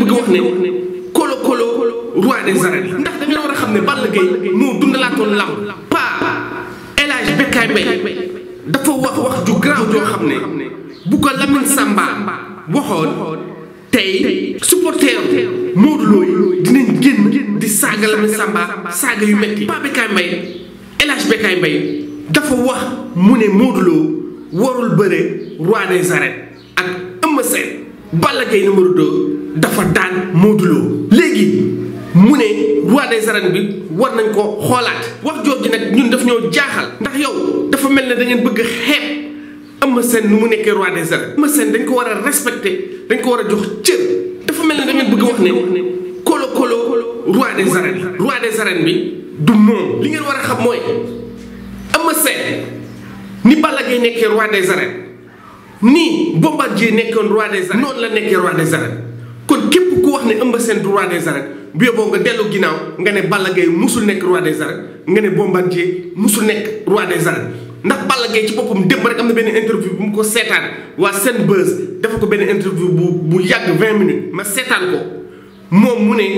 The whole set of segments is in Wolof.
bëgg wax ne kolo kolo roi ndax da nga war a xam ne Balla Gaye moo dundalaatoon lamb pa El Hadj Bekkaay Mbaye dafa wax wax ju garaaw joo xam ne bu ko Lamine Samba waxoon tey supporter Modou Lo yi dinañ di saaga Lamine Samba saaga yu metti pa Bekkaay Mbaye El Hadj Bekkaay Mbaye dafa wax mu ne Modou Lo warul bëre roi des arènes ak Eumeu Sène Balla Gaye numéro 2 dafa daan Modou Lo léegi mu ne roi des arènes bi war nañ ko xoolaat wax jooju nag ñun daf ñoo jaaxal ndax yow dafa mel ne dangeen bëgg a xeeb Eumeu Sène nu mu nekkee roi des arènes Eumeu seen dañ ko war a respecté dañ ko war a jox cër dafa mel ne da bëgg wax ne kolo kolo roi des arènes roi des arènes bi du moom li ngeen war a xam mooy am Eumeu Sène ni Balla Gaye nekkee roi des arènes nii Bombardier nekkoon roi des arènes noonu la nekkee roi des arènes ne Eumeu Sène du roi des arènes bu yóbboo nga dellu ginnaaw nga ne Balla Gaye musul nekk roi des arènes nga ne Bombardier musul nekk roi des arènes ndax Balla Gaye ci boppam démb rek am na benn interview bu mu ko seetaan waa seen buzz dafa ko benn interview bu bu yàgg vingt minutes ma seetaan ko moom mu ne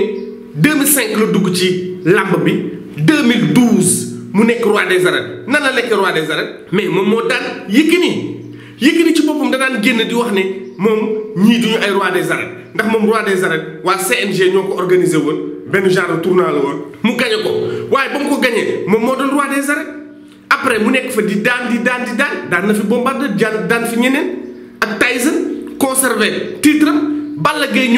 2005 la dugg ci làmb bi 2012 mu nekk roi des arènes nan la nekk roi des arènes mais moom moo daan Yékini Yékini ci boppam danaan génn di wax ne moom ñii duñu ay roi des arènes ndax moom roi des arènes waa CNG ñoo ko organisé woon benn genre tournoi la woon mu gañe ko waaye ba mu ko gañee moom moo doon roi des arènes après mu nekk fa di daan di daan di daan daan na fi Bombardier daan daan fi ñeneen ak ne Balla Gaye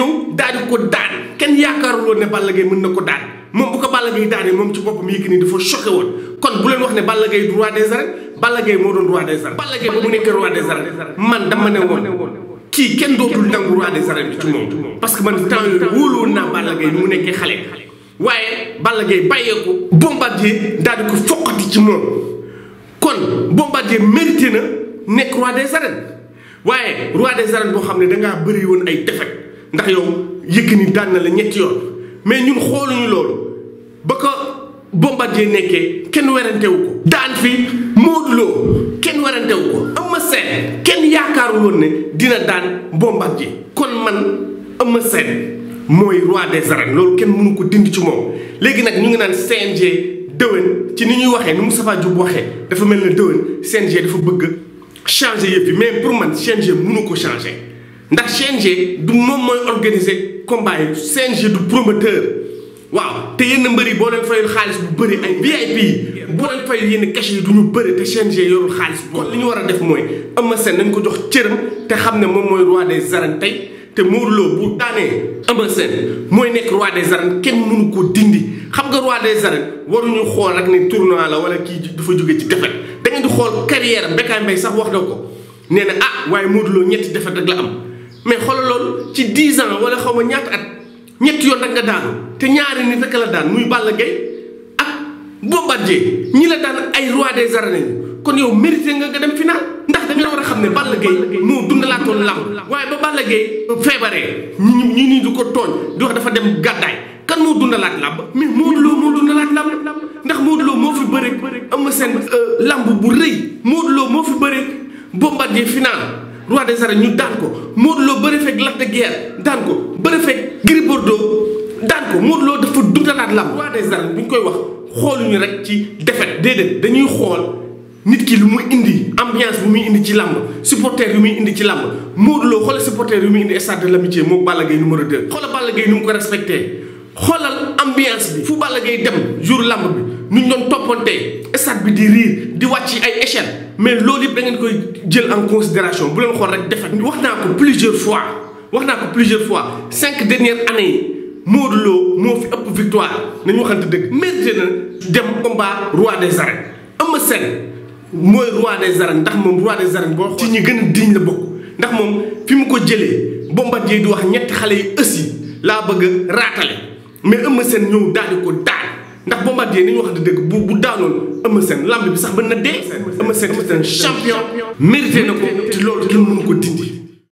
mën na ko daan moom bu ko Balla Gaye daanee moom ci boppam Yékini dafa choqué woon kon bu leen wax ne Balla Gaye du roi des arènes Balla Gaye moo doon roi des arènes. man dama ne woon. kii kenn dootul nangu roi des arènes tout le monde parce que man temps yooyu na woon Balla Gaye mu nekk xalé waye Balla baye ko Bombardier daal di ko foqati ci moom kon Bombardier mérité na nekk roi des arènes waye roi des arènes bo xamné da nga bëri won ay defet ndax yow Yékini daan na la ñetti yoon mais ñun xooluñu loolu ba ko Bombardier nekké kenn werantewu ko dan fi Modou Lo kenn werantewu ko Sène kenn yaakaarul woon ne dina daan Bombardier kon man Eumeu Sène mooy roi des arènes loolu kenn mënu ko dindi ci moom léegi nag ñu ngi naan CNG déwén ci ni ñuy waxee ni Moustapha Diop waxee dafa mel ne déwén CNG dafa bëgg changer yëpp yi mais pour man mu mënu ko changer ndax CNG du moom mooy organiser combat yi CNG du promoteur waaw te yenn mbër yi boo leen xaalis bu bëri ay VIP yi boo leen fayul yenn cash yi du ñu bëri te CNG yorul xaalis bu kon li war a def mooy Eumeu Sène nañ ko jox cëram te xam ne moom mooy roi des arènes tey te Modou Lo bu daanee Eumeu Sène mooy nekk roi des arènes kenn mënu ko dindi xam nga roi des arènes waruñu xool rek ne tournoi la wala kii dafa jóge ci defet da ngeen di xool carrière Bécaye Mbaye sax wax na ko nee na ah waaye Modou Lo ñetti defet la am mais ñetti yoon rek nga daanu te ñaari nit rek la daan muy Balla Gaye ak Bombardier ñi la daan ay roi des arènes kon yow mérité nga nga dem final ndax da nga war a xam ne Balla Gaye moo dundalaatoon làmb waaye ba Balla Gaye feebaree ñu ñu ko tooñ di dafa dem gàddaay kan moo dundalaat làmb mais Modou Lo moo dundalaat làmb ndax Modou Lo moo fi bëre am seen euh, làmb bu rëy Modou Lo moo fi bëre Bombardier final roi des arènes ñu daan ko moo Lo bëri fekk Lac de Guiers daan ko bëri fekk Gris Bordeaux daan ko Modou Lo dafa dundalaat lam roi des arènes bu ñu koy wax xooluñu rek ci défaite déedéet dañuy xool nit ki lu muy indi ambiance bu muy indi ci làmb supporter yu muy indi ci làmb Modou loo xoolal supporter yu muy indi stade de l'amitié moom Balla Gaye numéro 2. xoolal Balla Gaye nu mu ko respecté xoolal ambiance bi fu Balla Gaye dem jour làmb bi Nous ñu doon toppantee bi di rire, di de échelle mais en considération bu avons plusieurs fois plusieurs fois cinq dernières années yi mo victoire na combat roi des arènes roi des arènes ndax roi des arènes ci ñi diñ la bokk ndax mom fi mu ko aussi La bëgg mais Sen avons ndax bombardier ni ñu wax di dëgg bu bu daanoon Eumeu Sène lamb bi sax mën na dee. Eumeu Sène champion mérité na ko te loolu kenn mënu ko dindi.